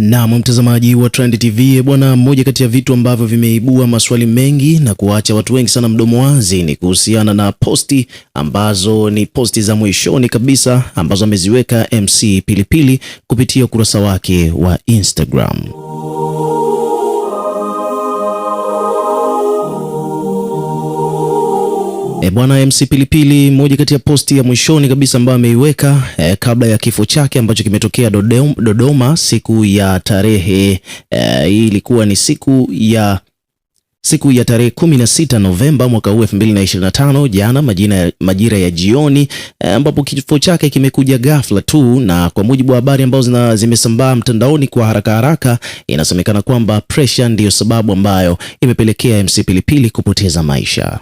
Naam, mtazamaji wa Trend TV bwana, mmoja kati ya vitu ambavyo vimeibua maswali mengi na kuacha watu wengi sana mdomo wazi ni kuhusiana na posti ambazo ni posti za mwishoni kabisa ambazo ameziweka MC Pilipili kupitia ukurasa wake wa Instagram. E, bwana MC Pilipili, moja kati ya posti ya mwishoni kabisa ambayo ameiweka e, kabla ya kifo chake ambacho kimetokea Dodoma, siku ya tarehe e, hii ilikuwa ni siku ya siku ya tarehe 16 Novemba mwaka huu 2025, jana majina, majira ya jioni ambapo kifo chake kimekuja ghafla tu, na kwa mujibu wa habari ambazo zimesambaa mtandaoni kwa haraka haraka, inasemekana kwamba pressure ndiyo sababu ambayo imepelekea MC Pilipili kupoteza maisha.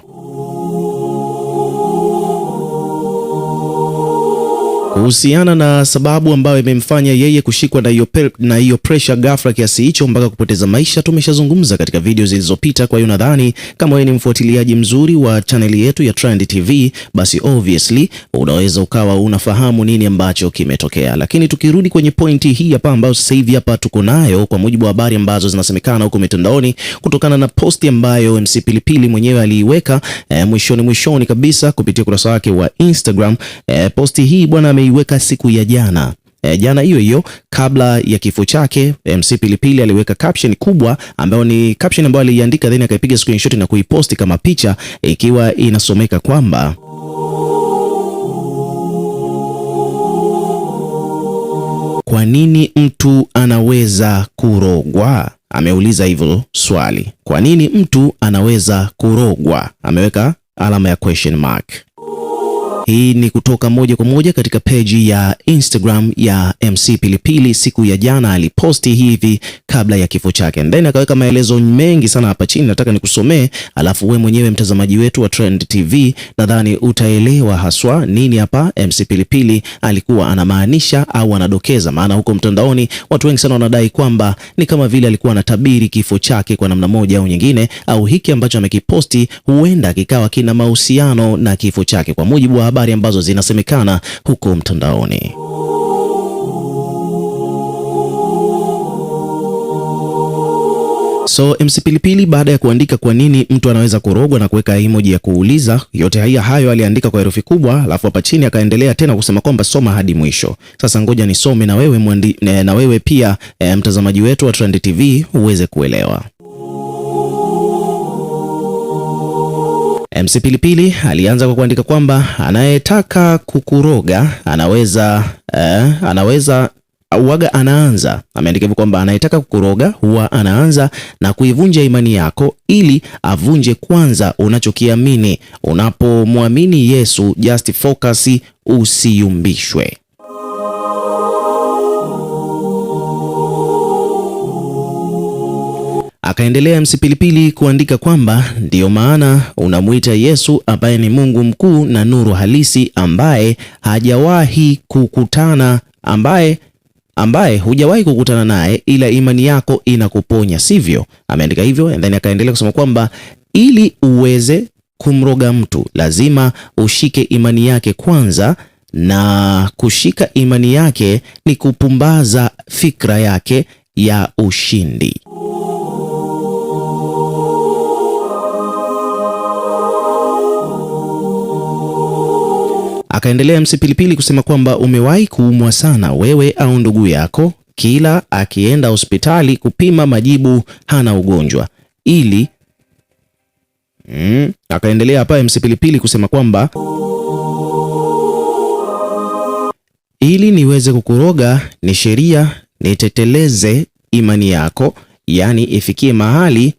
Kuhusiana na sababu ambayo imemfanya yeye kushikwa na hiyo na hiyo pressure ghafla kiasi hicho mpaka kupoteza maisha, tumeshazungumza katika video zilizopita. Kwa hiyo nadhani kama wewe ni mfuatiliaji mzuri wa chaneli yetu ya Trend TV, basi obviously unaweza ukawa unafahamu nini ambacho kimetokea. Lakini tukirudi kwenye pointi hii hapa ambayo sasa hivi hapa tuko nayo, kwa mujibu wa habari ambazo zinasemekana huko mitandaoni, kutokana na posti ambayo MC Pilipili mwenyewe aliiweka eh, mwishoni mwishoni kabisa kupitia ukurasa wake wa Instagram eh, posti hii bwana ameiweka siku ya jana E, jana hiyo hiyo kabla ya kifo chake MC Pilipili aliweka caption kubwa ambayo ni caption ambayo aliiandika then akaipiga screenshot na kuiposti kama picha ikiwa inasomeka kwamba kwa nini mtu anaweza kurogwa? Ameuliza hivyo swali, kwa nini mtu anaweza kurogwa? Ameweka alama ya question mark. Hii ni kutoka moja kwa moja katika peji ya Instagram ya MC Pilipili. Siku ya jana aliposti hivi kabla ya kifo chake, then akaweka maelezo mengi sana hapa chini, nataka nikusomee, alafu we mwenyewe mtazamaji wetu wa Trend TV nadhani utaelewa haswa nini hapa MC Pilipili alikuwa anamaanisha au anadokeza, maana huko mtandaoni watu wengi sana wanadai kwamba ni kama vile alikuwa anatabiri kifo chake kwa namna moja au nyingine, au hiki ambacho amekiposti huenda kikawa kina mahusiano na kifo chake, kwa mujibu wa habari ambazo zinasemekana huko mtandaoni. So MC Pilipili baada ya kuandika kwa nini mtu anaweza kurogwa na kuweka emoji ya kuuliza, yote haya hayo aliandika kwa herufi kubwa, alafu hapa chini akaendelea tena kusema kwamba soma hadi mwisho. Sasa ngoja nisome na wewe mwandi, na wewe pia e, mtazamaji wetu wa Trend TV uweze kuelewa. MC Pilipili alianza kwa kuandika kwamba anayetaka kukuroga anaweza eh, anaweza uwaga anaanza. Ameandika hivyo kwamba anayetaka kukuroga huwa anaanza na kuivunja imani yako, ili avunje kwanza unachokiamini. Unapomwamini Yesu, just focus, usiyumbishwe. Akaendelea Msipilipili kuandika kwamba ndiyo maana unamwita Yesu ambaye ni Mungu mkuu na nuru halisi ambaye hajawahi kukutana ambaye ambaye hujawahi kukutana naye ila imani yako inakuponya, sivyo? Ameandika hivyo then akaendelea kusema kwamba ili uweze kumroga mtu lazima ushike imani yake kwanza, na kushika imani yake ni kupumbaza fikra yake ya ushindi. Akaendelea MC Pilipili kusema kwamba umewahi kuumwa sana wewe au ndugu yako, kila akienda hospitali kupima majibu hana ugonjwa ili mm. Akaendelea hapa MC Pilipili kusema kwamba ili niweze kukuroga ni sheria niteteleze imani yako, yaani ifikie mahali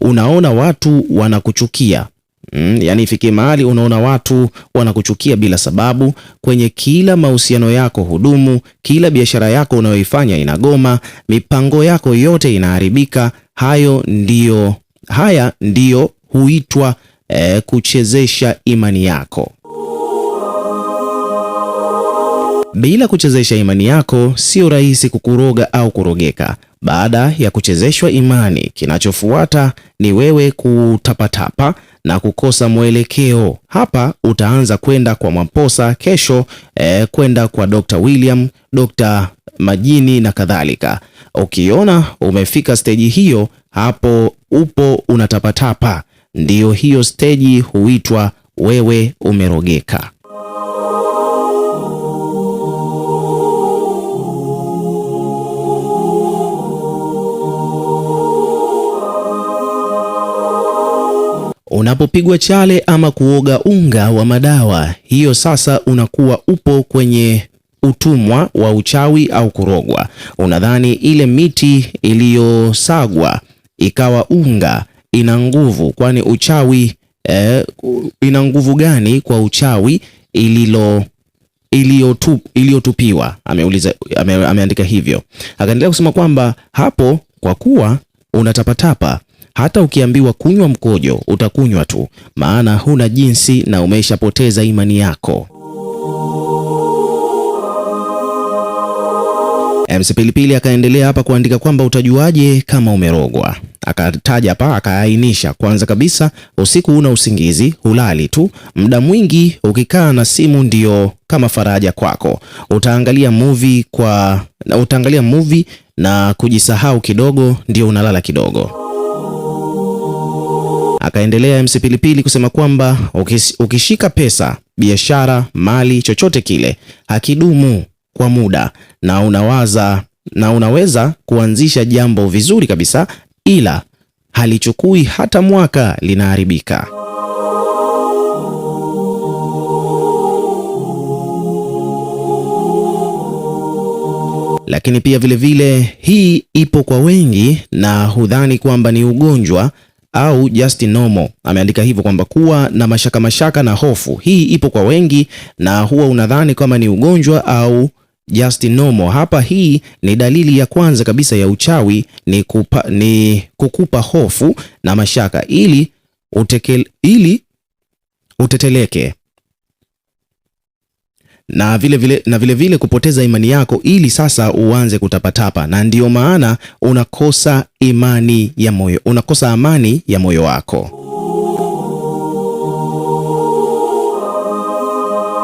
unaona watu wanakuchukia Mm, yaani ifikie mahali unaona watu wanakuchukia bila sababu. Kwenye kila mahusiano yako hudumu, kila biashara yako unayoifanya inagoma, mipango yako yote inaharibika. Hayo ndiyo, haya ndiyo huitwa eh, kuchezesha imani yako. Bila kuchezesha imani yako, sio rahisi kukuroga au kurogeka. Baada ya kuchezeshwa imani, kinachofuata ni wewe kutapatapa na kukosa mwelekeo. Hapa utaanza kwenda kwa Mwamposa, kesho eh, kwenda kwa Dr. William, Dr. Majini na kadhalika. Ukiona umefika steji hiyo, hapo upo unatapatapa, ndiyo hiyo steji huitwa wewe umerogeka. Unapopigwa chale ama kuoga unga wa madawa, hiyo sasa unakuwa upo kwenye utumwa wa uchawi au kurogwa. Unadhani ile miti iliyosagwa ikawa unga ina nguvu? Kwani uchawi eh, ina nguvu gani kwa uchawi ililo iliyotupiwa? Ameuliza, ame, ameandika hivyo. Akaendelea kusema kwamba hapo kwa kuwa unatapatapa hata ukiambiwa kunywa mkojo utakunywa tu, maana huna jinsi na umeshapoteza imani yako. MC Pilipili akaendelea hapa kuandika kwamba utajuaje kama umerogwa? Akataja hapa akaainisha, kwanza kabisa, usiku una usingizi, hulali tu muda mwingi, ukikaa na simu ndio kama faraja kwako, utaangalia movie kwa utaangalia movie na kujisahau kidogo, ndio unalala kidogo. Akaendelea MC Pilipili kusema kwamba ukishika pesa, biashara, mali, chochote kile hakidumu kwa muda na unawaza na unaweza kuanzisha jambo vizuri kabisa, ila halichukui hata mwaka linaharibika. Lakini pia vilevile vile, hii ipo kwa wengi na hudhani kwamba ni ugonjwa au just normal. Ameandika hivyo kwamba kuwa na mashaka mashaka na hofu hii ipo kwa wengi, na huwa unadhani kama ni ugonjwa au just normal. Hapa hii ni dalili ya kwanza kabisa ya uchawi ni, kupa, ni kukupa hofu na mashaka ili utekel, ili uteteleke na vile vile, na vile vile kupoteza imani yako ili sasa uanze kutapatapa, na ndiyo maana unakosa imani ya moyo, unakosa amani ya moyo wako.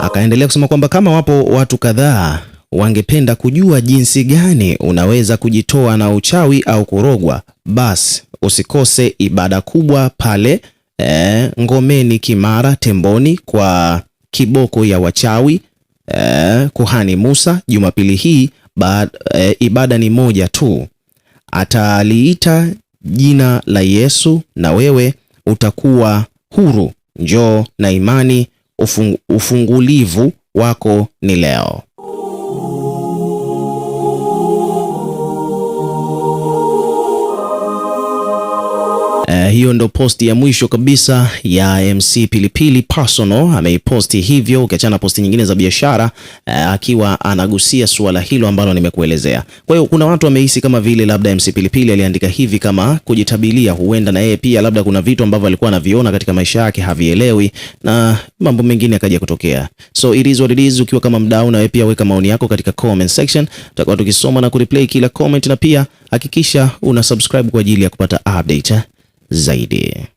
Akaendelea kusema kwamba kama wapo watu kadhaa wangependa kujua jinsi gani unaweza kujitoa na uchawi au kurogwa, basi usikose ibada kubwa pale eh, Ngomeni Kimara Temboni kwa kiboko ya wachawi eh, kuhani Musa Jumapili hii ba, eh, ibada ni moja tu. Ataliita jina la Yesu na wewe utakuwa huru. Njoo na imani, ufungu, ufungulivu wako ni leo. Uh, hiyo ndo posti ya mwisho kabisa ya MC Pilipili personal ameiposti hivyo, ukiachana posti nyingine za biashara uh, akiwa anagusia suala hilo ambalo nimekuelezea. Kwa hiyo kuna watu wamehisi kama vile labda MC Pilipili aliandika hivi kama kujitabilia, huenda na yeye pia labda kuna vitu ambavyo alikuwa anaviona katika maisha yake havielewi na mambo mengine yakaja kutokea. So it is what it is. Ukiwa kama mdau, na wewe pia weka maoni yako katika comment section, tutakuwa tukisoma na kureplay kila comment, na pia hakikisha una subscribe kwa ajili ya kupata update. Eh zaidi.